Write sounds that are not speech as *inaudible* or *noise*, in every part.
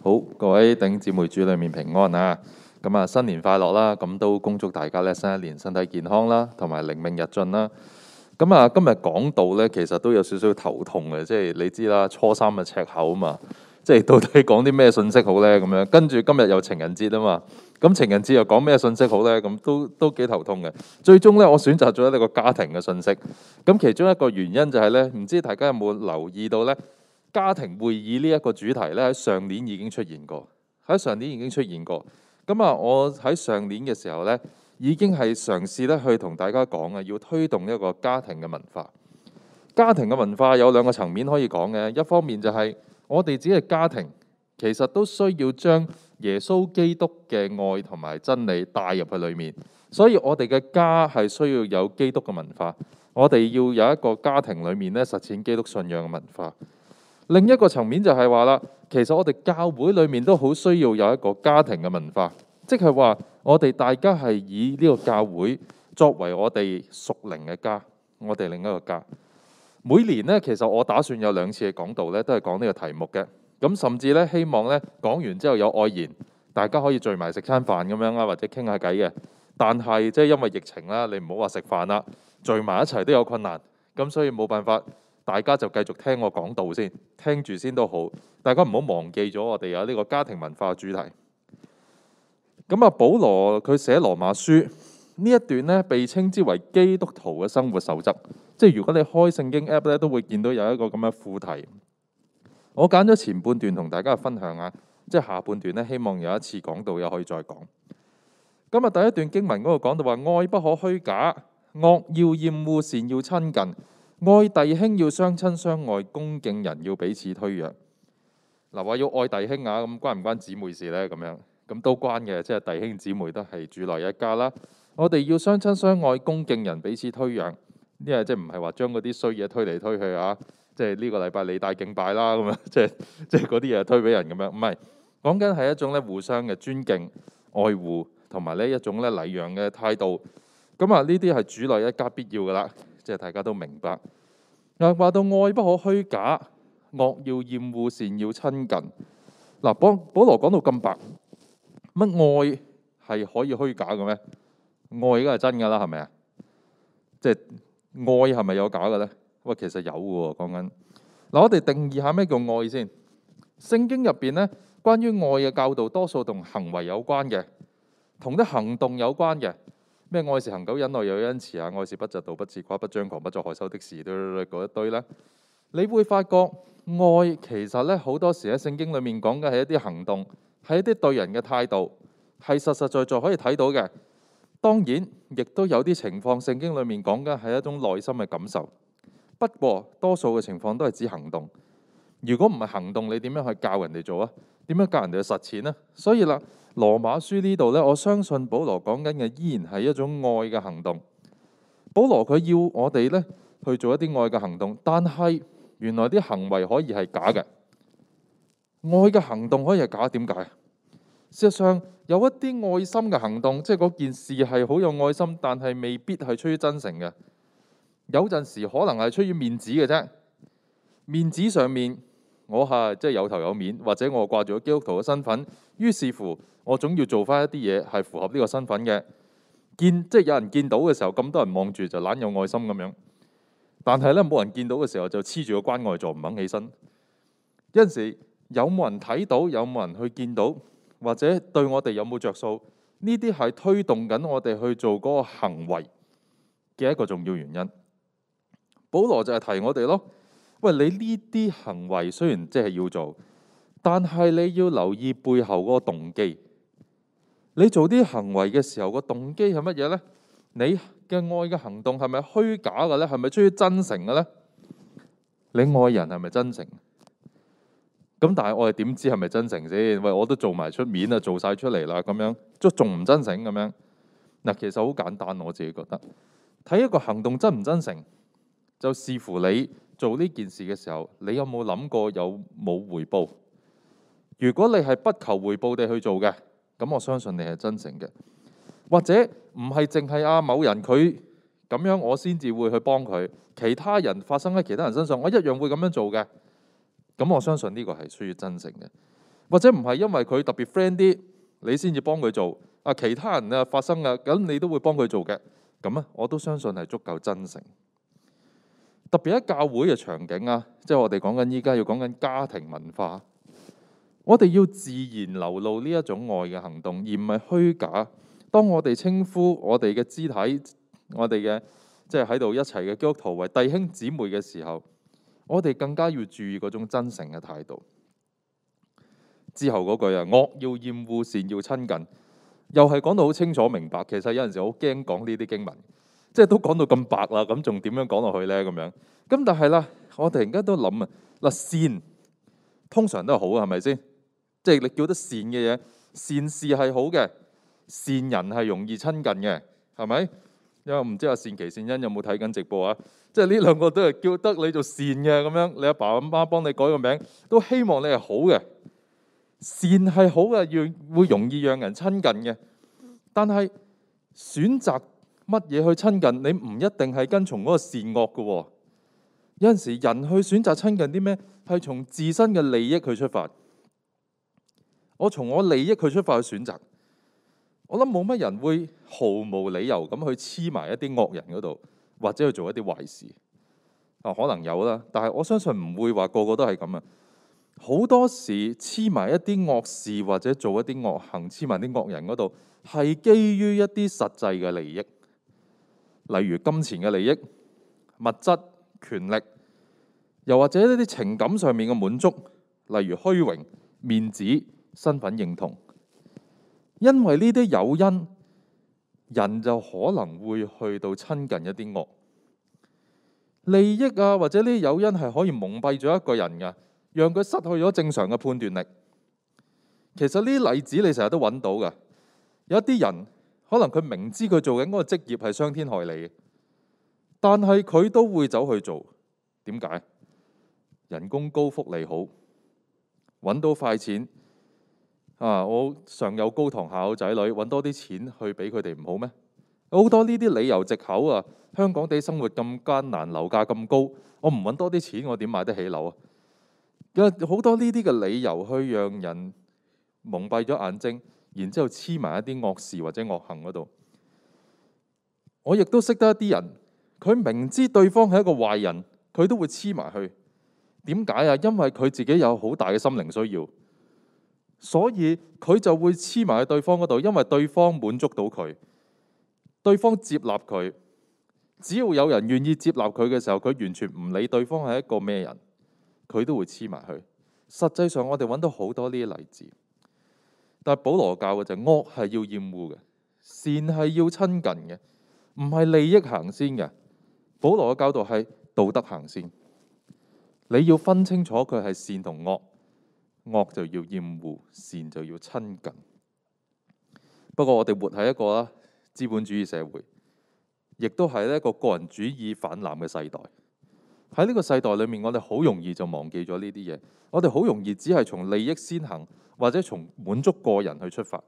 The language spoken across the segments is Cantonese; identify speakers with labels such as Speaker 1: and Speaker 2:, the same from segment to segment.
Speaker 1: 好，各位頂姊妹主裏面平安啊！咁啊，新年快樂啦！咁都恭祝大家咧，新一年身體健康啦，同埋靈命日進啦！咁啊，今日講到咧，其實都有少少頭痛嘅，即係你知啦，初三嘅赤口啊嘛，即係到底講啲咩信息好咧？咁樣跟住今日有情人節啊嘛，咁情人節又講咩信息好咧？咁都都幾頭痛嘅。最終咧，我選擇咗呢個家庭嘅信息。咁其中一個原因就係咧，唔知大家有冇留意到咧？家庭會議呢一個主題呢，喺上年已經出現過。喺上年已經出現過。咁啊，我喺上年嘅時候呢，已經係嘗試咧去同大家講啊，要推動一個家庭嘅文化。家庭嘅文化有兩個層面可以講嘅。一方面就係我哋自己嘅家庭，其實都需要將耶穌基督嘅愛同埋真理帶入去裏面。所以，我哋嘅家係需要有基督嘅文化。我哋要有一個家庭裏面咧實踐基督信仰嘅文化。另一個層面就係話啦，其實我哋教會裏面都好需要有一個家庭嘅文化，即係話我哋大家係以呢個教會作為我哋屬靈嘅家，我哋另一個家。每年呢，其實我打算有兩次嘅講道呢，都係講呢個題目嘅。咁甚至呢，希望呢講完之後有愛筵，大家可以聚埋食餐飯咁樣啊，或者傾下偈嘅。但係即係因為疫情啦，你唔好話食飯啦，聚埋一齊都有困難，咁所以冇辦法。大家就繼續聽我講道先，聽住先都好。大家唔好忘記咗，我哋有呢個家庭文化主題。咁啊，保羅佢寫羅馬書呢一段呢，被稱之為基督徒嘅生活守則。即係如果你開聖經 app 咧，都會見到有一個咁嘅副題。我揀咗前半段同大家分享下，即係下半段呢，希望有一次講到又可以再講。今日第一段經文嗰度講到話，愛不可虛假，惡要厭惡，善要親近。愛弟兄要相親相愛，恭敬人要彼此推讓。嗱，話要愛弟兄啊，咁關唔關姊妹事呢？咁樣，咁都關嘅，即係弟兄姊妹都係主內一家啦。我哋要相親相愛，恭敬人，彼此推讓，呢係即係唔係話將嗰啲衰嘢推嚟推去啊？即係呢個禮拜你帶敬拜啦，咁樣，即係即係嗰啲嘢推俾人咁樣，唔係講緊係一種咧互相嘅尊敬、愛護同埋呢一種咧禮讓嘅態度。咁啊，呢啲係主內一家必要噶啦，即係大家都明白。嗱，話到愛不可虛假，惡要厭惡，善要親近。嗱，保保羅講到咁白，乜愛係可以虛假嘅咩？愛而家係真㗎啦，係咪啊？即係愛係咪有假嘅咧？喂，其實有嘅喎，講緊。嗱，我哋定義下咩叫愛先。聖經入邊咧，關於愛嘅教導，多數同行為有關嘅，同啲行動有關嘅。咩愛是恒久忍耐又有恩慈啊，愛是不嫉妒，不自誇，不張狂，不作害羞的事，嗰一堆咧。你會發覺愛其實咧好多時喺聖經裡面講嘅係一啲行動，係一啲對人嘅態度，係實實在在，在可以睇到嘅。當然亦都有啲情況，聖經裡面講嘅係一種內心嘅感受。不過多數嘅情況都係指行動。如果唔係行動，你點樣去教人哋做啊？點樣教人哋去實踐咧？所以啦，《羅馬書》呢度咧，我相信保羅講緊嘅依然係一種愛嘅行動。保羅佢要我哋咧去做一啲愛嘅行動，但係原來啲行為可以係假嘅。愛嘅行動可以係假，點解？事實上有一啲愛心嘅行動，即係嗰件事係好有愛心，但係未必係出於真誠嘅。有陣時可能係出於面子嘅啫，面子上面。我係即係有頭有面，或者我掛住個基督徒嘅身份，於是乎我總要做返一啲嘢係符合呢個身份嘅。見即係、就是、有人見到嘅時候，咁多人望住就懶有愛心咁樣。但係咧，冇人見到嘅時候就，就黐住個關愛座唔肯起身。有陣時有冇人睇到，有冇人去見到，或者對我哋有冇着數？呢啲係推動緊我哋去做嗰個行為嘅一個重要原因。保羅就係提我哋咯。喂，你呢啲行為雖然即係要做，但係你要留意背後嗰個動機。你做啲行為嘅時候，個動機係乜嘢咧？你嘅愛嘅行動係咪虛假嘅咧？係咪出於真誠嘅咧？你愛人係咪真誠？咁但係我哋點知係咪真誠先？喂，我都做埋出面啊，做晒出嚟啦，咁樣都仲唔真誠咁樣？嗱，其實好簡單，我自己覺得睇一個行動真唔真誠，就視乎你。做呢件事嘅時候，你有冇諗過有冇回報？如果你係不求回報地去做嘅，咁我相信你係真誠嘅。或者唔係淨係阿某人佢咁樣，我先至會去幫佢。其他人發生喺其他人身上，我一樣會咁樣做嘅。咁我相信呢個係需要真誠嘅。或者唔係因為佢特別 friend 啲，你先至幫佢做。啊，其他人啊發生嘅，咁你都會幫佢做嘅。咁啊，我都相信係足夠真誠。特別喺教會嘅場景啊，即係我哋講緊依家要講緊家庭文化，我哋要自然流露呢一種愛嘅行動，而唔係虛假。當我哋稱呼我哋嘅肢體、我哋嘅即係喺度一齊嘅基督徒為弟兄姊妹嘅時候，我哋更加要注意嗰種真誠嘅態度。之後嗰句啊，惡要厭惡，善要親近，又係講到好清楚明白。其實有陣時好驚講呢啲經文。即係都講到咁白啦，咁仲點樣講落去咧？咁樣，咁但係啦，我突然間都諗啊，嗱，善通常都係好，係咪先？即係你叫得善嘅嘢，善事係好嘅，善人係容易親近嘅，係咪？因為唔知阿善奇、善恩有冇睇緊直播啊？即係呢兩個都係叫得你做善嘅，咁樣，你阿爸阿媽幫你改個名，都希望你係好嘅。善係好嘅，讓會容易讓人親近嘅，但係選擇。乜嘢去親近你唔一定係跟從嗰個善惡嘅，哦，有陣時人去選擇親近啲咩係從自身嘅利益去出發。我從我利益去出發去選擇，我諗冇乜人會毫無理由咁去黐埋一啲惡人嗰度，或者去做一啲壞事。啊，可能有啦，但係我相信唔會話個個都係咁啊。好多時黐埋一啲惡事或者做一啲惡行，黐埋啲惡人嗰度，係基於一啲實際嘅利益。例如金錢嘅利益、物質、權力，又或者呢啲情感上面嘅滿足，例如虛榮、面子、身份認同，因為呢啲誘因，人就可能會去到親近一啲惡。利益啊，或者呢啲誘因係可以蒙蔽咗一個人嘅，讓佢失去咗正常嘅判斷力。其實呢啲例子你成日都揾到嘅，有一啲人。可能佢明知佢做緊嗰個職業係傷天害理，但係佢都會走去做。點解？人工高，福利好，揾到快錢啊！我上有高堂，下有仔女，揾多啲錢去俾佢哋唔好咩？好多呢啲理由藉口啊！香港地生活咁艱難，樓價咁高，我唔揾多啲錢，我點買得起樓啊？好多呢啲嘅理由去讓人蒙蔽咗眼睛。然之後黐埋一啲惡事或者惡行嗰度，我亦都識得一啲人，佢明知對方係一個壞人，佢都會黐埋去。點解啊？因為佢自己有好大嘅心靈需要，所以佢就會黐埋喺對方嗰度，因為對方滿足到佢，對方接納佢。只要有人願意接納佢嘅時候，佢完全唔理對方係一個咩人，佢都會黐埋去。實際上，我哋搵到好多呢啲例子。但保羅教嘅就惡係要厭惡嘅，善係要親近嘅，唔係利益行先嘅。保羅嘅教導係道德行先，你要分清楚佢係善同惡，惡就要厭惡，善就要親近。不過我哋活喺一個啦資本主義社會，亦都係一個個人主義泛濫嘅世代。喺呢個世代裏面，我哋好容易就忘記咗呢啲嘢，我哋好容易只係從利益先行。或者從滿足個人去出發。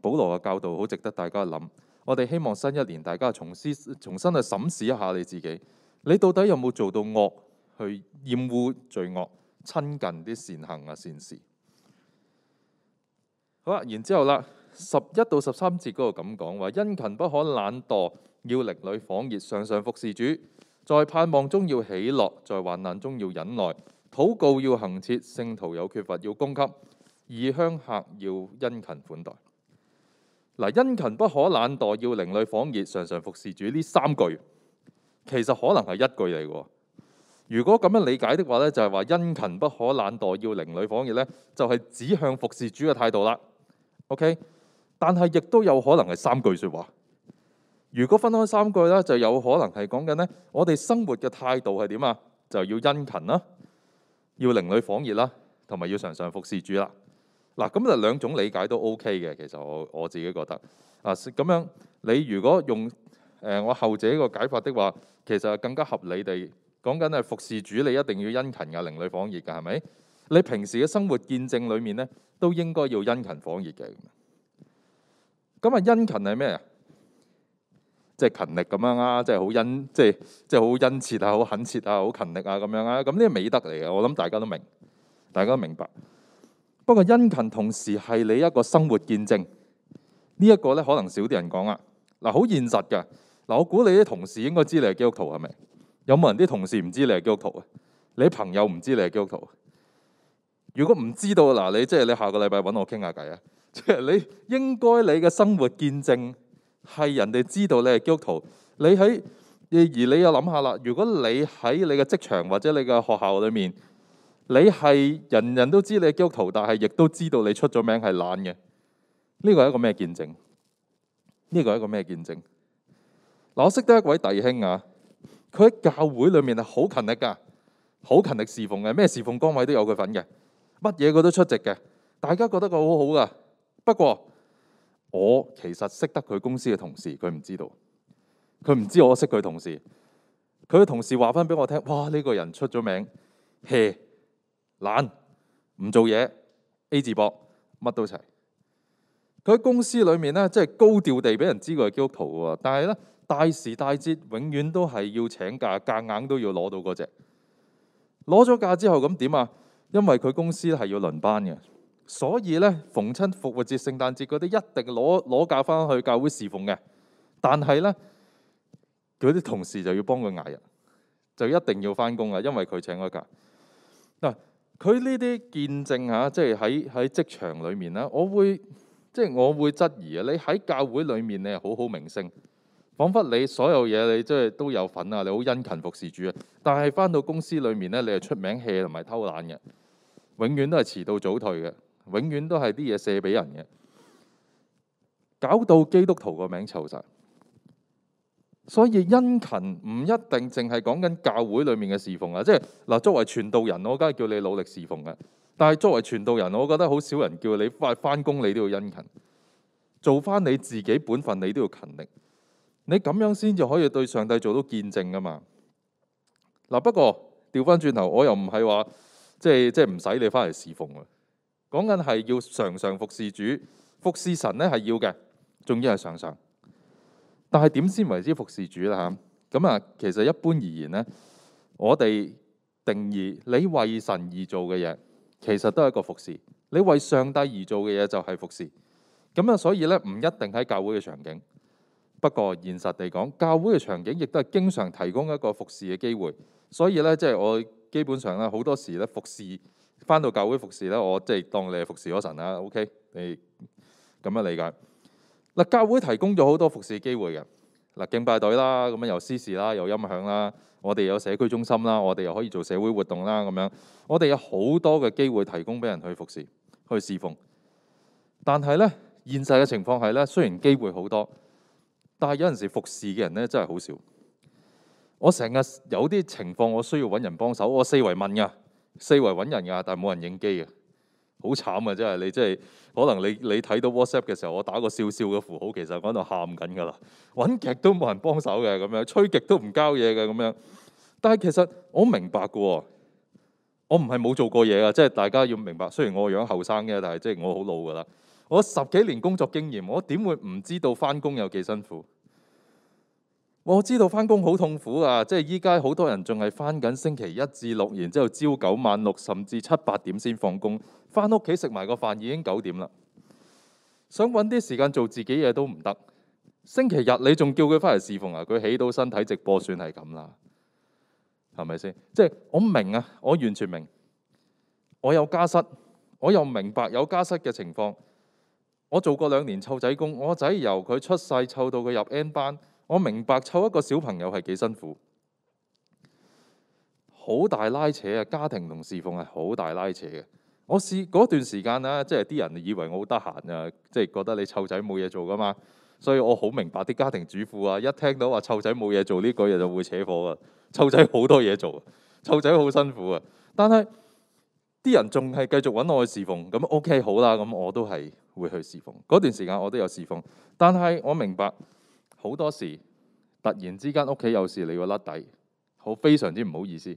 Speaker 1: 保羅嘅教導好值得大家諗。我哋希望新一年大家重思、重新去審視一下你自己，你到底有冇做到惡，去厭惡罪惡，親近啲善行啊善事。好啦，然之後啦，十一到十三節嗰度咁講話：殷勤不可懶惰，要心裡火熱，常常服事主，在盼望中要喜樂，在患難中要忍耐。禱告要行切，聖徒有缺乏要供給，異鄉客要殷勤款待。嗱，殷勤不可懶惰，要靈裡火熱，常常服侍主。呢三句其實可能係一句嚟嘅。如果咁樣理解的話咧，就係話殷勤不可懶惰，要靈裡火熱咧，就係、是、指向服侍主嘅態度啦。OK，但係亦都有可能係三句說話。如果分開三句咧，就有可能係講緊咧，我哋生活嘅態度係點啊？就要殷勤啦。要靈裡火熱啦，同埋要常常服侍主啦。嗱，咁就兩種理解都 OK 嘅，其實我我自己覺得啊，咁樣你如果用誒、呃、我後者個解法的話，其實更加合理地講緊係服侍主，你一定要殷勤嘅，靈裡火熱嘅係咪？你平時嘅生活見證裡面咧，都應該要殷勤火熱嘅。咁啊，殷勤係咩啊？即係勤力咁樣啊！即係好殷即係即係好殷切啊，好懇切啊，好勤力啊咁樣啊！咁呢個美德嚟嘅，我諗大家都明，大家都明白。不過殷勤同時係你一個生活見證，呢、這、一個咧可能少啲人講啊。嗱，好現實㗎。嗱，我估你啲同事應該知你係基督徒係咪？有冇人啲同事唔知你係基督徒啊？你朋友唔知你係基督徒啊？如果唔知道嗱，你即係、就是、你下個禮拜揾我傾下偈啊！即、就、係、是、你應該你嘅生活見證。係人哋知道你係基督徒，你喺而你又諗下啦。如果你喺你嘅職場或者你嘅學校裏面，你係人人都知你係基督徒，但係亦都知道你出咗名係懶嘅。呢個係一個咩見證？呢個係一個咩見證？嗱，我識得一位弟兄啊，佢喺教會裏面係好勤力㗎，好勤力侍奉嘅，咩侍奉崗位都有佢份嘅，乜嘢佢都出席嘅，大家覺得佢好好㗎。不過，我其實識得佢公司嘅同事，佢唔知道，佢唔知我識佢同事。佢嘅同事話翻俾我聽：哇！呢個人出咗名，hea 懶唔做嘢，A 字膊，乜都齊。佢喺公司裏面咧，即係高調地俾人知佢係基督徒喎。但係咧，大時大節永遠都係要請假，夾硬硬都要攞到嗰隻。攞咗假之後咁點啊？因為佢公司係要輪班嘅。所以咧，逢親復活節、聖誕節嗰啲一定攞攞假翻去教會侍奉嘅。但係咧，佢啲同事就要幫佢捱人，就一定要翻工啊，因為佢請咗假。嗱、啊，佢呢啲見證嚇、啊，即係喺喺職場裏面啦。我會即係，就是，我會質疑啊。你喺教會裏面你係好好明星，彷彿你所有嘢你即係都有份啊，你好殷勤服侍主啊。但係翻到公司裏面咧，你係出名 hea 同埋偷懶嘅，永遠都係遲到早退嘅。永遠都係啲嘢，射俾人嘅，搞到基督徒個名臭晒。所以殷勤唔一定淨係講緊教會裏面嘅侍奉啊，即係嗱，作為傳道人，我梗係叫你努力侍奉噶。但係作為傳道人，我覺得好少人叫你翻工，你都要殷勤，做翻你自己本分，你都要勤力。你咁樣先至可以對上帝做到見證噶嘛。嗱，不過調翻轉頭，我又唔係話即係即係唔使你翻嚟侍奉啊。講緊係要常常服侍主，服侍神咧係要嘅，仲要係常常。但係點先為之服侍主咧吓？咁啊，其實一般而言咧，我哋定義你為神而做嘅嘢，其實都係一個服侍。你為上帝而做嘅嘢就係服侍。咁啊，所以咧，唔一定喺教會嘅場景。不過現實地講，教會嘅場景亦都係經常提供一個服侍嘅機會。所以咧，即係我基本上咧，好多時咧服侍，返到教會服侍咧，我即係當你係服侍咗神啦，OK？你咁樣理解嗱？教會提供咗好多服侍機會嘅嗱，敬拜隊啦，咁樣有司事啦，有音響啦，我哋有社區中心啦，我哋又可以做社會活動啦，咁樣我哋有好多嘅機會提供俾人去服侍，去侍奉。但係咧，現實嘅情況係咧，雖然機會好多，但係有陣時服侍嘅人咧真係好少。我成日有啲情況，我需要搵人幫手，我四圍問㗎。四圍揾人㗎，但係冇人影機啊，好慘啊！真係你即係可能你你睇到 WhatsApp 嘅時候，我打個笑笑嘅符號，其實我喺度喊緊㗎啦。揾極都冇人幫手嘅咁樣，吹極都唔交嘢嘅咁樣。但係其實我明白嘅，我唔係冇做過嘢啊。即係大家要明白。雖然我樣後生嘅，但係即係我好老㗎啦。我十幾年工作經驗，我點會唔知道翻工有幾辛苦？我知道翻工好痛苦啊！即係依家好多人仲係翻緊星期一至六，然之後朝九晚六，甚至七八點先放工，翻屋企食埋個飯已經九點啦。想揾啲時間做自己嘢都唔得。星期日你仲叫佢翻嚟侍奉啊？佢起到身體直播算係咁啦，係咪先？即係我明啊，我完全明。我有家室，我又明白有家室嘅情況。我做過兩年湊仔工，我仔由佢出世湊到佢入 N 班。我明白湊一個小朋友係幾辛苦，好大拉扯啊！家庭同侍奉係好大拉扯嘅。我試嗰段時間啦，即係啲人以為我好得閒啊，即係覺得你湊仔冇嘢做㗎嘛，所以我好明白啲家庭主婦啊，一聽到話湊仔冇嘢做呢個嘢就會扯火啊！湊仔好多嘢做，湊仔好辛苦啊！但係啲人仲係繼續揾我去侍奉，咁 OK 好啦，咁我都係會去侍奉。嗰段時間我都有侍奉，但係我明白。好多時突然之間屋企有事，你會甩底，好非常之唔好意思。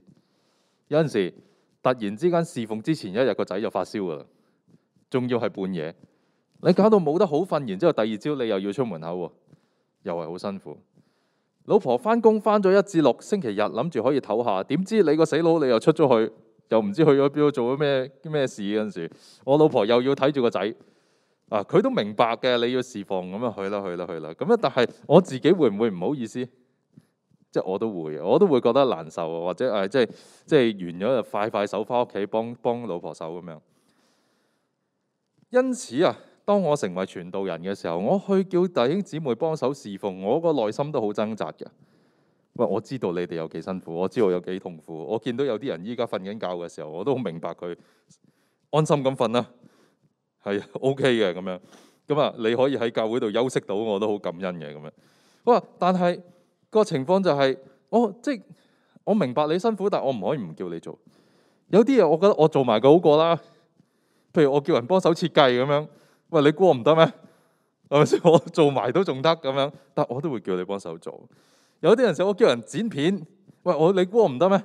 Speaker 1: 有陣時突然之間侍奉之前一日個仔就發燒噶啦，仲要係半夜，你搞到冇得好瞓，然之後第二朝你又要出門口，又係好辛苦。老婆翻工翻咗一至六星期日，諗住可以唞下，點知你個死佬你又出咗去，又唔知去咗邊度做咗咩咩事嗰陣時，我老婆又要睇住個仔。啊！佢都明白嘅，你要侍奉咁啊，去啦去啦去啦咁啊！但係我自己會唔會唔好意思？即係我都會，我都會覺得難受啊，或者誒，即係即係完咗就快快手翻屋企幫幫老婆手咁樣。因此啊，當我成為傳道人嘅時候，我去叫弟兄姊妹幫手侍奉，我個內心都好掙扎嘅。喂，我知道你哋有幾辛苦，我知道我有幾痛苦。我見到有啲人依家瞓緊覺嘅時候，我都好明白佢安心咁瞓啦。係 OK 嘅咁樣，咁啊你可以喺教會度休息到，我都好感恩嘅咁樣。哇！但係個情況就係，我即係我明白你辛苦，但我唔可以唔叫你做。有啲嘢我覺得我做埋嘅好過啦。譬如我叫人幫手設計咁樣，喂，你估我唔得咩？係咪先？我做埋都仲得咁樣，但我都會叫你幫手做。有啲人就我叫人剪片，喂，我你估我唔得咩？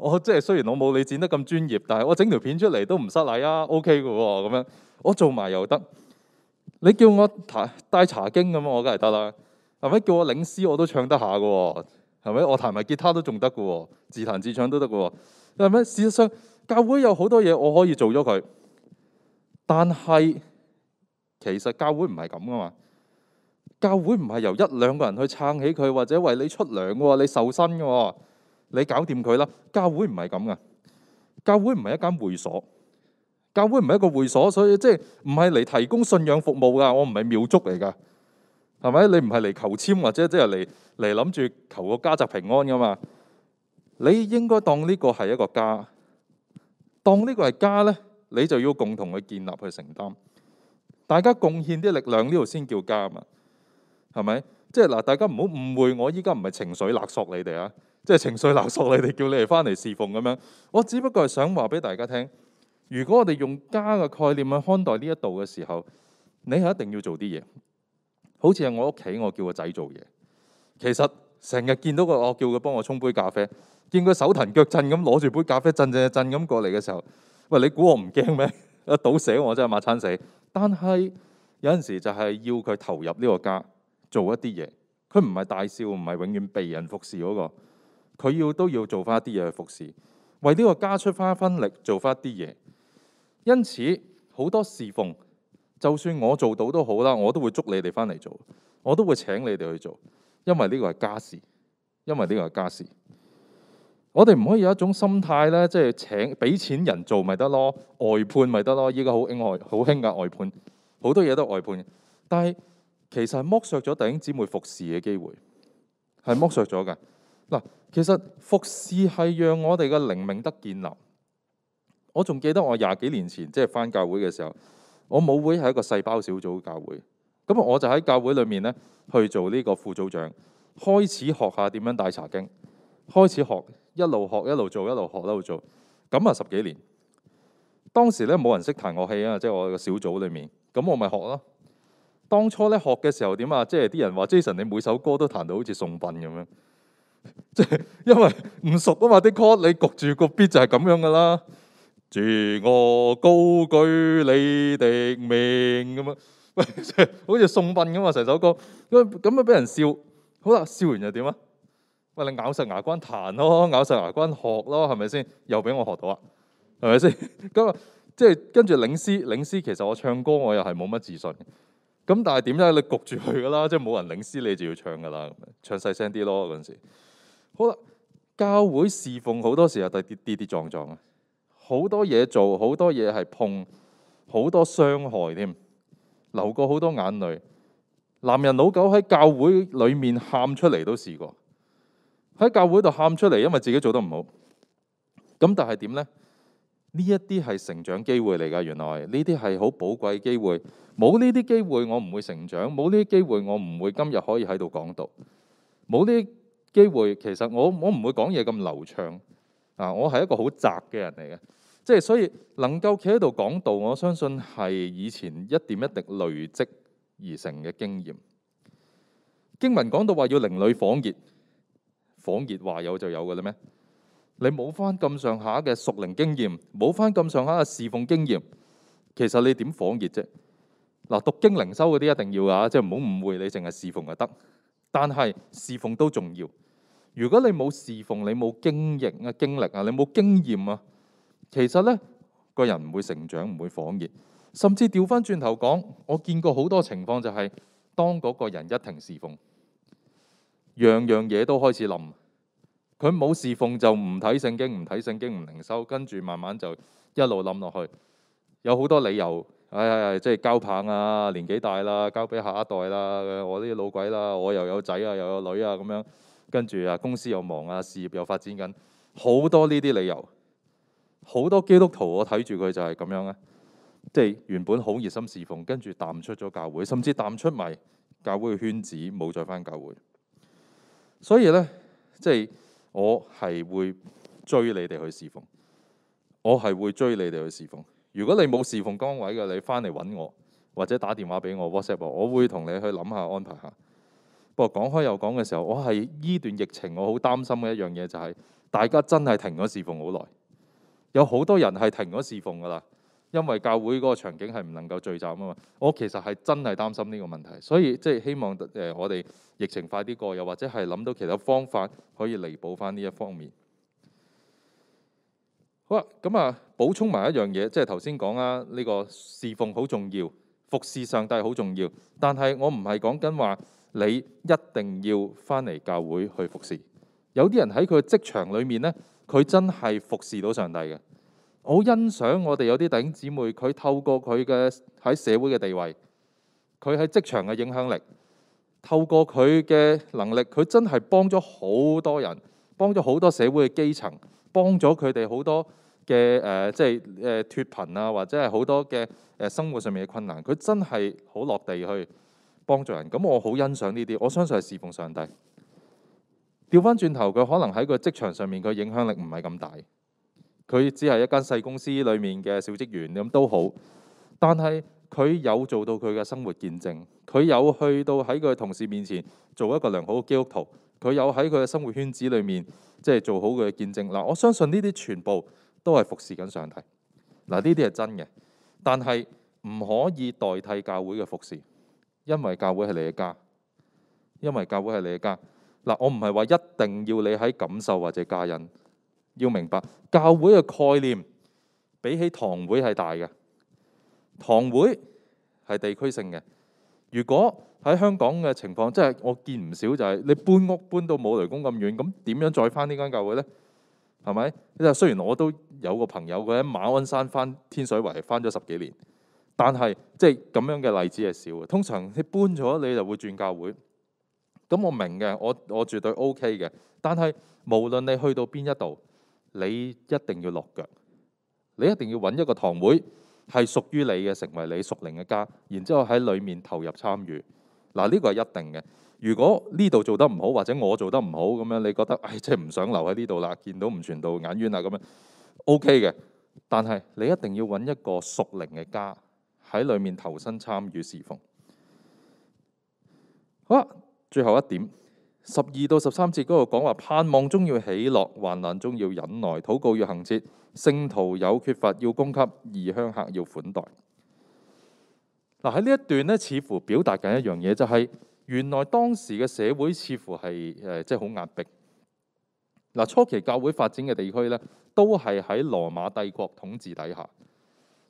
Speaker 1: 我即係雖然我冇你剪得咁專業，但係我整條片出嚟都唔失禮啊，OK 嘅喎咁樣，我做埋又得。你叫我彈《帶茶經》咁啊，我梗係得啦。係咪？叫我領詩我都唱得下嘅喎？係咪我彈埋吉他都仲得嘅喎？自彈自唱都得嘅喎？係咪？事實上教會有好多嘢我可以做咗佢，但係其實教會唔係咁嘅嘛。教會唔係由一兩個人去撐起佢，或者為你出糧嘅喎，你受薪嘅喎。你搞掂佢啦！教會唔係噉㗎，教會唔係一間會所，教會唔係一個會所，所以即係唔係嚟提供信仰服務㗎，我唔係廟祝嚟㗎，係咪？你唔係嚟求籤或者即係嚟嚟諗住求個家宅平安㗎嘛？你應該當呢個係一個家，當呢個係家咧，你就要共同去建立去承擔，大家貢獻啲力量呢度先叫家嘛，係咪？即係嗱，大家唔好誤會我，我依家唔係情緒勒索你哋啊！即係情緒勒索，你哋叫你哋翻嚟侍奉咁樣。我只不過係想話俾大家聽，如果我哋用家嘅概念去看待呢一度嘅時候，你係一定要做啲嘢。好似係我屋企，我叫個仔做嘢。其實成日見到個我叫佢幫我沖杯咖啡，見佢手騰腳震咁攞住杯咖啡震地震地震咁過嚟嘅時候，喂，你估我唔驚咩？一倒死我，我真係抹撐死。但係有陣時就係要佢投入呢個家做一啲嘢，佢唔係大少，唔係永遠被人服侍嗰個。佢要都要做翻一啲嘢去服侍，為呢個家出翻一分力，做翻啲嘢。因此好多侍奉，就算我做到都好啦，我都會捉你哋翻嚟做，我都會請你哋去做，因為呢個係家事，因為呢個係家事。我哋唔可以有一種心態咧，即係請俾錢人做咪得咯，外判咪得咯。依家好興外，好興噶外判，好多嘢都外判。但係其實係剝削咗弟兄姊妹服侍嘅機會，係剝削咗噶。嗱，其實服事係讓我哋嘅靈命得建立。我仲記得我廿幾年前即係翻教會嘅時候，我母會係一個細胞小組教會，咁我就喺教會裏面咧去做呢個副組長，開始學下點樣帶查經，開始學一路學一路做一路學一路做，咁啊十幾年。當時咧冇人識彈樂器啊，即係我個小組裏面，咁我咪學咯。當初咧學嘅時候點啊，即係啲人話 Jason 你每首歌都彈到好似送殯咁樣。即係 *laughs* 因為唔熟啊嘛，啲 code 你焗住個必就係咁樣噶啦，住我高居你哋命咁啊，喂， *laughs* 好似送殯咁啊，成首歌咁咁啊俾人笑，好啦，笑完又點啊？喂，你咬實牙關彈咯，咬實牙關學咯，係咪先？又俾我學到啊，係咪先？咁 *laughs* 啊，即係跟住領詩，領詩其實我唱歌我又係冇乜自信，咁但係點解你焗住佢噶啦，即係冇人領詩你就要唱噶啦，咁樣唱細聲啲咯嗰陣時。好啦，教會侍奉好多時候都跌跌跌撞撞啊，好多嘢做，好多嘢係碰，好多傷害添，流過好多眼淚。男人老狗喺教會裏面喊出嚟都試過喺教會度喊出嚟，因為自己做得唔好。咁但係點咧？呢一啲係成長機會嚟噶。原來呢啲係好寶貴嘅機會。冇呢啲機會，我唔會成長。冇呢啲機會，我唔會今日可以喺度講道，冇呢機會其實我我唔會講嘢咁流暢啊！我係一個好宅嘅人嚟嘅，即係所以能夠企喺度講道，我相信係以前一點一滴累積而成嘅經驗。經文講到話要靈裡火熱，火熱話有就有㗎喇咩？你冇返咁上下嘅熟靈經驗，冇返咁上下嘅侍奉經驗，其實你點火熱啫？嗱，讀經靈修嗰啲一定要啊！即係唔好誤會，你淨係侍奉就得，但係侍奉都重要。如果你冇侍奉，你冇經營啊、經歷啊，你冇經驗啊，其實咧個人唔會成長，唔會放熱。甚至調翻轉頭講，我見過好多情況，就是，就係當嗰個人一停侍奉，樣樣嘢都開始冧。佢冇侍奉就唔睇聖經，唔睇聖經唔靈修，跟住慢慢就一路冧落去。有好多理由，係、哎、即係交棒啊，年紀大啦，交俾下一代啦。我呢啲老鬼啦，我又有仔啊，又有女啊，咁樣。跟住啊，公司又忙啊，事業又發展緊，好多呢啲理由，好多基督徒我睇住佢就係咁樣啊，即係原本好熱心侍奉，跟住淡出咗教會，甚至淡出埋教會嘅圈子，冇再翻教會。所以咧，即係我係會追你哋去侍奉，我係會追你哋去侍奉。如果你冇侍奉崗位嘅，你翻嚟揾我，或者打電話俾我 WhatsApp，我，我會同你去諗下安排下。我講開又講嘅時候，我係呢段疫情，我好擔心嘅一樣嘢就係大家真係停咗侍奉好耐，有好多人係停咗侍奉噶啦，因為教會嗰個場景係唔能夠聚集啊嘛。我其實係真係擔心呢個問題，所以即係希望誒我哋疫情快啲過，又或者係諗到其他方法可以彌補翻呢一方面。好啦，咁啊，補充埋一樣嘢，即係頭先講啦，呢個侍奉好重要，服侍上帝好重要，但係我唔係講緊話。你一定要翻嚟教會去服侍。有啲人喺佢職場裏面呢，佢真係服侍到上帝嘅。我好欣賞我哋有啲弟兄姊妹，佢透過佢嘅喺社會嘅地位，佢喺職場嘅影響力，透過佢嘅能力，佢真係幫咗好多人，幫咗好多社會嘅基層，幫咗佢哋好多嘅誒、呃，即係誒脫貧啊，或者係好多嘅生活上面嘅困難，佢真係好落地去。幫助人咁，我好欣賞呢啲。我相信係侍奉上帝。調翻轉頭，佢可能喺個職場上面，佢影響力唔係咁大。佢只係一間細公司裏面嘅小職員咁都好。但係佢有做到佢嘅生活見證，佢有去到喺佢同事面前做一個良好嘅基督徒，佢有喺佢嘅生活圈子裏面，即係做好佢嘅見證嗱。我相信呢啲全部都係服侍緊上帝嗱。呢啲係真嘅，但係唔可以代替教會嘅服侍。因為教會係你嘅家，因為教會係你嘅家。嗱，我唔係話一定要你喺感受或者嫁人，要明白教會嘅概念比起堂會係大嘅，堂會係地區性嘅。如果喺香港嘅情況，即係我見唔少就係你搬屋搬到冇雷公咁遠，咁點樣再返呢間教會呢？係咪？因為雖然我都有個朋友佢喺馬鞍山返天水圍返咗十幾年。但係即係咁樣嘅例子係少嘅。通常你搬咗你就會轉教會。咁我明嘅，我我絕對 OK 嘅。但係無論你去到邊一度，你一定要落腳，你一定要揾一個堂會係屬於你嘅，成為你屬靈嘅家。然之後喺裡面投入參與，嗱，呢個係一定嘅。如果呢度做得唔好，或者我做得唔好咁樣，你覺得唉，即係唔想留喺呢度啦，見到吳傳道眼冤啊，咁樣 OK 嘅。但係你一定要揾一個屬靈嘅家。喺裏面投身參與侍奉。好啦，最後一點，十二到十三節嗰度講話，盼望中要喜樂，患難中要忍耐，禱告要恆切，聖徒有缺乏要供給，異鄉客要款待。嗱喺呢一段咧，似乎表達緊一樣嘢，就係原來當時嘅社會似乎係誒即係好壓迫。嗱，初期教會發展嘅地區咧，都係喺羅馬帝國統治底下。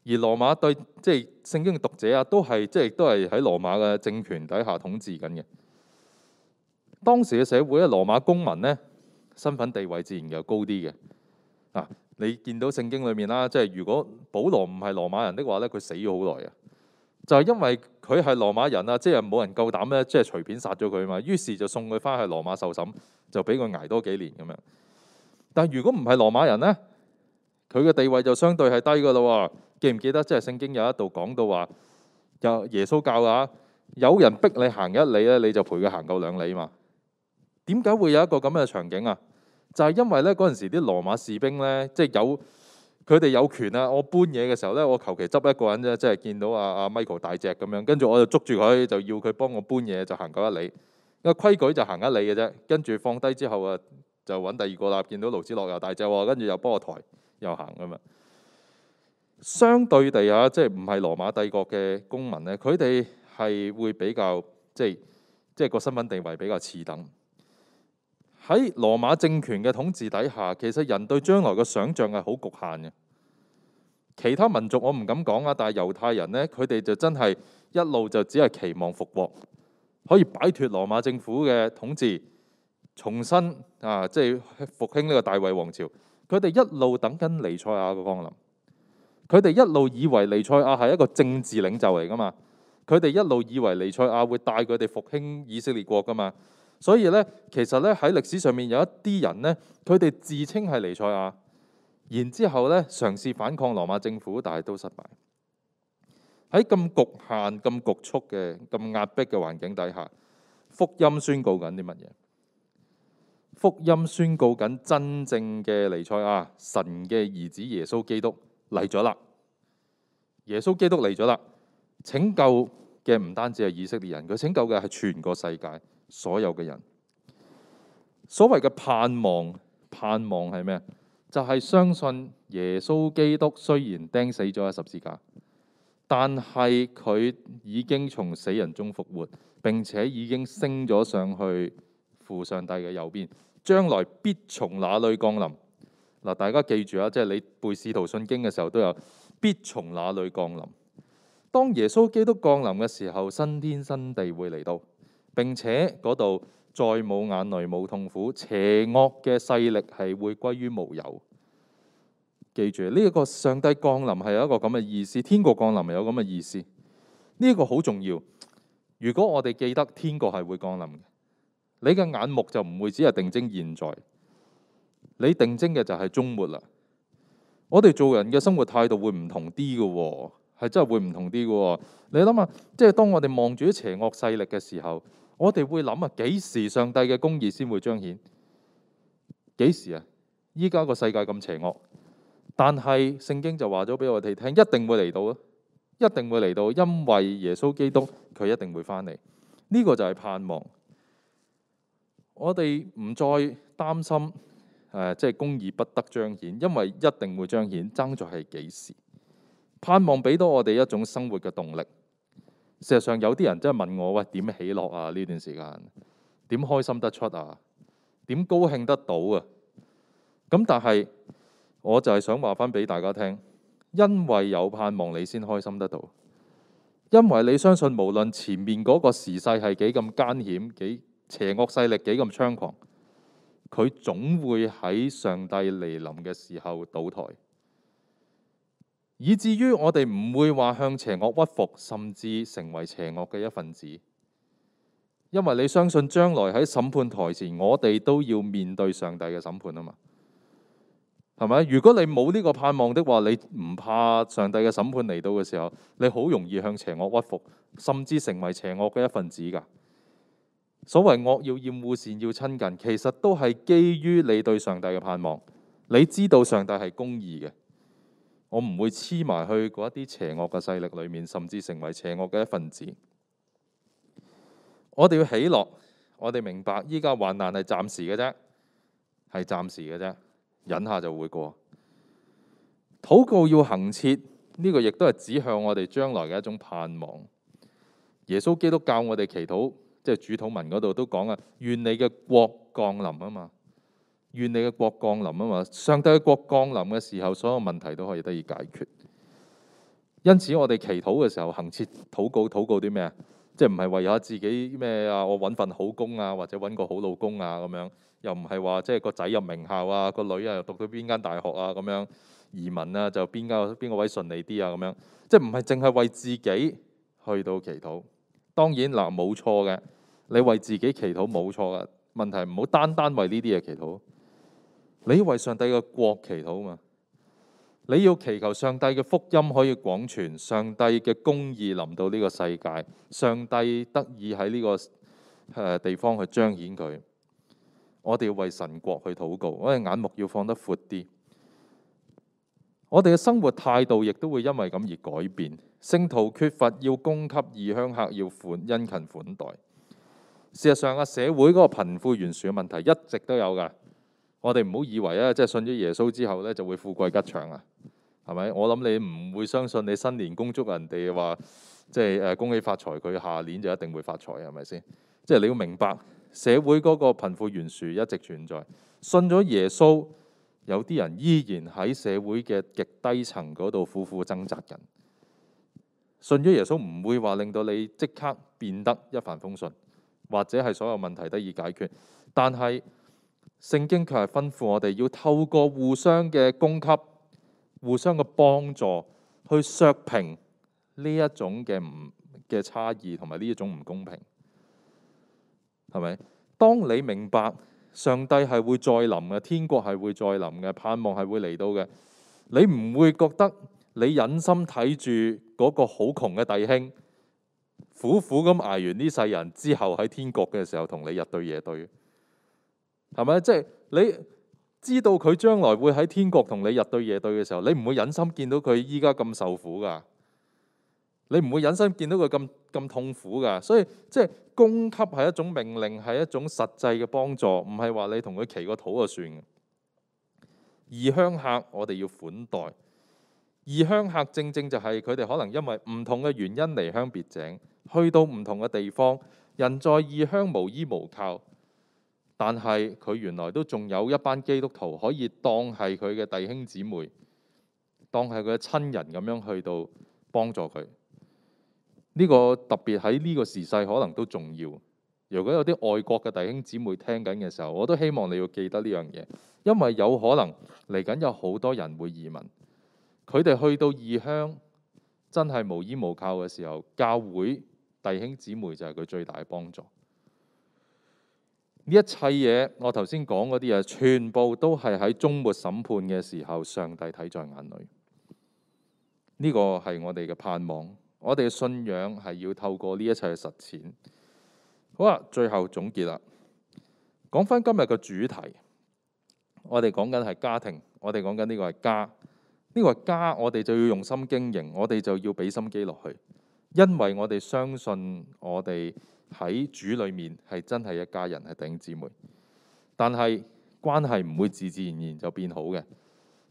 Speaker 1: 而羅馬對即係聖經嘅讀者啊，都係即係都係喺羅馬嘅政權底下統治緊嘅。當時嘅社會咧，羅馬公民咧身份地位自然又高啲嘅。嗱，你見到聖經裏面啦，即係如果保羅唔係羅馬人的話咧，佢死咗好耐啊。就係因為佢係羅馬人啊，即係冇人夠膽咧，即係隨便殺咗佢啊嘛。於是就送佢翻去羅馬受審，就俾佢捱多幾年咁樣。但係如果唔係羅馬人咧？佢嘅地位就相對係低㗎喇喎，記唔記得即係聖經有一度講到話，有耶穌教啊，有人逼你行一里咧，你就陪佢行夠兩里嘛。點解會有一個咁嘅場景啊？就係、是、因為咧嗰陣時啲羅馬士兵咧，即係有佢哋有權啊。我搬嘢嘅時候咧，我求其執一個人啫，即係見到阿阿 Michael 大隻咁樣，跟住我就捉住佢，就要佢幫我搬嘢就行夠一里，因為規矩就行一里嘅啫。跟住放低之後啊，就揾第二個啦，見到勞子樂又大隻喎，跟住又幫我抬。又行噶嘛？相對地啊，即係唔係羅馬帝國嘅公民咧？佢哋係會比較即係即係個身份地位比較次等。喺羅馬政權嘅統治底下，其實人對將來嘅想像係好局限嘅。其他民族我唔敢講啊，但係猶太人呢，佢哋就真係一路就只係期望復國，可以擺脫羅馬政府嘅統治，重新啊即係復興呢個大衞王朝。佢哋一路等緊彌賽亞嘅降臨，佢哋一路以為彌賽亞係一個政治領袖嚟㗎嘛，佢哋一路以為彌賽亞會帶佢哋復興以色列國㗎嘛，所以咧，其實咧喺歷史上面有一啲人咧，佢哋自稱係彌賽亞，然之後咧嘗試反抗羅馬政府，但係都失敗。喺咁局限、咁局促嘅、咁壓迫嘅環境底下，福音宣告緊啲乜嘢？福音宣告緊真正嘅尼賽亞，神嘅兒子耶穌基督嚟咗啦！耶穌基督嚟咗啦，拯救嘅唔單止係以色列人，佢拯救嘅係全個世界所有嘅人。所謂嘅盼望，盼望係咩？就係、是、相信耶穌基督雖然釘死咗喺十字架，但係佢已經從死人中復活，並且已經升咗上去父上帝嘅右邊。將來必從哪裏降臨？嗱，大家記住啊，即係你背《使徒信經》嘅時候都有。必從哪裏降臨？當耶穌基督降臨嘅時候，新天新地會嚟到，並且嗰度再冇眼淚、冇痛苦，邪惡嘅勢力係會歸於無有。記住呢一個上帝降臨係有一個咁嘅意思，天國降臨係有咁嘅意思。呢一個好重要。如果我哋記得天國係會降臨。你嘅眼目就唔會只係定睛現在，你定睛嘅就係終末啦。我哋做人嘅生活態度會唔同啲嘅喎，係真係會唔同啲嘅喎。你諗下，即係當我哋望住啲邪惡勢力嘅時候，我哋會諗啊，幾時上帝嘅公義先會彰顯？幾時啊？依家個世界咁邪惡，但係聖經就話咗俾我哋聽，一定會嚟到啊！一定會嚟到，因為耶穌基督佢一定會翻嚟。呢個就係盼望。我哋唔再擔心，誒、呃，即係公義不得彰顯，因為一定會彰顯，爭在係幾時。盼望俾到我哋一種生活嘅動力。事實上有啲人真係問我，喂，點起落啊？呢段時間點開心得出啊？點高興得到啊？咁但係我就係想話翻俾大家聽，因為有盼望，你先開心得到。因為你相信，無論前面嗰個時勢係幾咁艱險，幾……邪惡勢力幾咁猖狂，佢總會喺上帝嚟臨嘅時候倒台，以至於我哋唔會話向邪惡屈服，甚至成為邪惡嘅一份子。因為你相信將來喺審判台前，我哋都要面對上帝嘅審判啊嘛，係咪？如果你冇呢個盼望的話，你唔怕上帝嘅審判嚟到嘅時候，你好容易向邪惡屈服，甚至成為邪惡嘅一份子噶。所謂惡要厭惡，善要親近，其實都係基於你對上帝嘅盼望。你知道上帝係公義嘅，我唔會黐埋去嗰一啲邪惡嘅勢力裏面，甚至成為邪惡嘅一份子。我哋要喜樂，我哋明白依家患難係暫時嘅啫，係暫時嘅啫，忍下就會過。禱告要恆切，呢個亦都係指向我哋將來嘅一種盼望。耶穌基督教我哋祈禱。即係主禱文嗰度都講啊，願你嘅國降臨啊嘛，願你嘅國降臨啊嘛，上帝嘅國降臨嘅時候，所有問題都可以得以解決。因此我哋祈禱嘅時候，恆切禱告，禱告啲咩啊？即係唔係為咗自己咩啊？我搵份好工啊，或者搵個好老公啊咁樣，又唔係話即係個仔入名校啊，個女啊讀到邊間大學啊咁樣，移民啊就邊間邊個位順利啲啊咁樣，即係唔係淨係為自己去到祈禱。當然嗱，冇錯嘅。你為自己祈禱冇錯啊，問題，唔好單單為呢啲嘢祈禱。你要為上帝嘅國祈禱啊嘛，你要祈求上帝嘅福音可以廣傳，上帝嘅公義臨到呢個世界，上帝得以喺呢個誒地方去彰顯佢。我哋要為神國去禱告，我哋眼目要放得闊啲。我哋嘅生活態度亦都會因為咁而改變。聖徒缺乏要供給，異鄉客，要款殷勤款待。事實上啊，社會嗰個貧富懸殊嘅問題一直都有㗎。我哋唔好以為啊，即係信咗耶穌之後咧就會富貴吉祥啊，係咪？我諗你唔會相信你新年恭祝人哋話，即係恭喜發財，佢下年就一定會發財係咪先？即係、就是、你要明白，社會嗰個貧富懸殊一直存在。信咗耶穌，有啲人依然喺社會嘅極低層嗰度苦苦掙扎緊。信咗耶穌唔會話令到你即刻變得一帆風順。或者係所有問題得以解決，但係聖經卻係吩咐我哋要透過互相嘅供給、互相嘅幫助，去削平呢一種嘅唔嘅差異同埋呢一種唔公平，係咪？當你明白上帝係會再臨嘅，天國係會再臨嘅，盼望係會嚟到嘅，你唔會覺得你忍心睇住嗰個好窮嘅弟兄。苦苦咁挨完呢世人之後喺天國嘅時候同你日對夜對，係咪？即係你知道佢將來會喺天國同你日對夜對嘅時候，你唔會忍心見到佢依家咁受苦噶，你唔會忍心見到佢咁咁痛苦噶。所以即係供給係一種命令，係一種實際嘅幫助，唔係話你同佢祈個禱就算。異鄉客我哋要款待，異鄉客正正就係佢哋可能因為唔同嘅原因離鄉別井。去到唔同嘅地方，人在異鄉無依無靠，但係佢原來都仲有一班基督徒可以當係佢嘅弟兄姊妹，當係佢嘅親人咁樣去到幫助佢。呢個特別喺呢個時勢可能都重要。如果有啲外國嘅弟兄姊妹聽緊嘅時候，我都希望你要記得呢樣嘢，因為有可能嚟緊有好多人會移民，佢哋去到異鄉真係無依無靠嘅時候，教會。弟兄姊妹就係佢最大嘅幫助，呢一切嘢我頭先講嗰啲嘢，全部都係喺終末審判嘅時候，上帝睇在眼裏。呢個係我哋嘅盼望，我哋嘅信仰係要透過呢一切去實踐。好啦，最後總結啦，講翻今日嘅主題，我哋講緊係家庭，我哋講緊呢個係家，呢個係家，我哋就要用心經營，我哋就要俾心機落去。因為我哋相信我哋喺主裏面係真係一家人，係弟兄姊妹，但係關係唔會自自然然就變好嘅。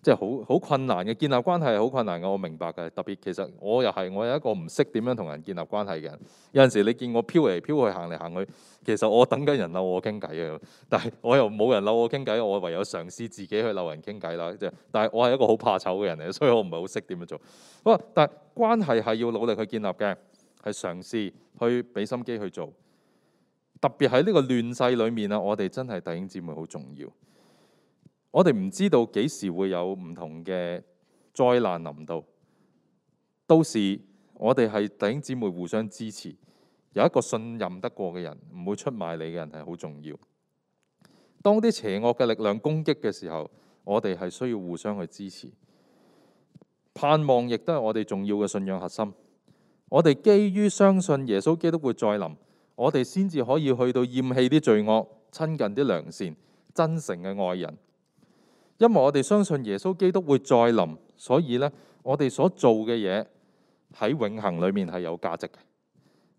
Speaker 1: 即係好好困難嘅，建立關係係好困難嘅，我明白嘅。特別其實我又係我有一個唔識點樣同人建立關係嘅人。有陣時你見我飄嚟飄去行嚟行去，其實我等緊人撈我傾偈嘅。但係我又冇人撈我傾偈，我唯有嘗試自己去撈人傾偈啦。即但係我係一個好怕醜嘅人嚟，所以我唔係好識點樣做。不過，但係關係係要努力去建立嘅，係嘗試去俾心機去做。特別喺呢個亂世裏面啊，我哋真係弟兄姊妹好重要。我哋唔知道幾時會有唔同嘅災難臨到，到時我哋係弟兄姊妹互相支持，有一個信任得過嘅人，唔會出賣你嘅人係好重要。當啲邪惡嘅力量攻擊嘅時候，我哋係需要互相去支持。盼望亦都係我哋重要嘅信仰核心。我哋基於相信耶穌基督會再臨，我哋先至可以去到厭棄啲罪惡，親近啲良善、真誠嘅愛人。因為我哋相信耶穌基督會再臨，所以咧，我哋所做嘅嘢喺永恒裏面係有價值嘅。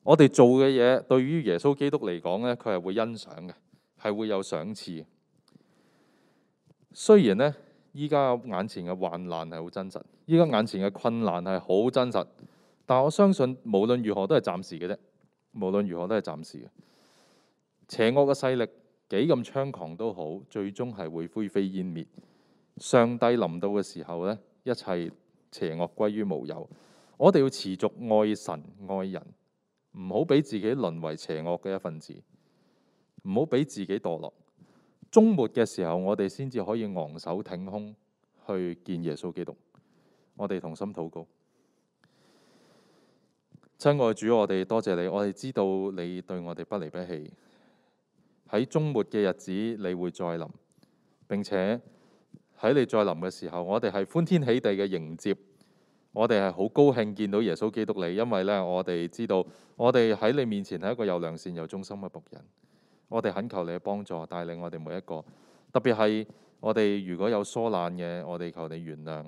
Speaker 1: 我哋做嘅嘢對於耶穌基督嚟講咧，佢係會欣賞嘅，係會有賞賜。雖然咧，依家眼前嘅患難係好真實，依家眼前嘅困難係好真實，但我相信無論如何都係暫時嘅啫。無論如何都係暫時嘅。邪惡嘅勢力幾咁猖狂都好，最終係會灰飛煙滅。上帝臨到嘅時候呢，一切邪惡歸於無有。我哋要持續愛神愛人，唔好俾自己淪為邪惡嘅一份子，唔好俾自己墮落。終末嘅時候，我哋先至可以昂首挺胸去見耶穌基督。我哋同心禱告，親愛主，我哋多謝你。我哋知道你對我哋不離不棄，喺終末嘅日子，你會再臨並且，喺你再臨嘅時候，我哋係歡天喜地嘅迎接，我哋係好高興見到耶穌基督你，因為呢，我哋知道我哋喺你面前係一個又良善又忠心嘅僕人，我哋懇求你幫助帶領我哋每一個，特別係我哋如果有疏懶嘅，我哋求你原諒；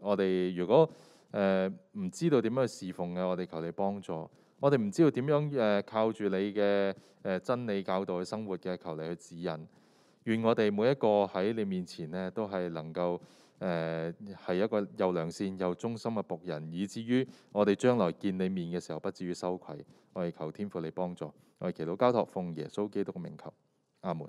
Speaker 1: 我哋如果誒唔、呃、知道點樣去侍奉嘅，我哋求你幫助；我哋唔知道點樣誒、呃、靠住你嘅誒、呃、真理教導去生活嘅，求你去指引。願我哋每一個喺你面前咧，都係能夠誒，係、呃、一個又良善又忠心嘅僕人，以至於我哋將來見你面嘅時候，不至於羞愧。我哋求天父你幫助，我哋祈禱交託奉耶穌基督名求，阿門。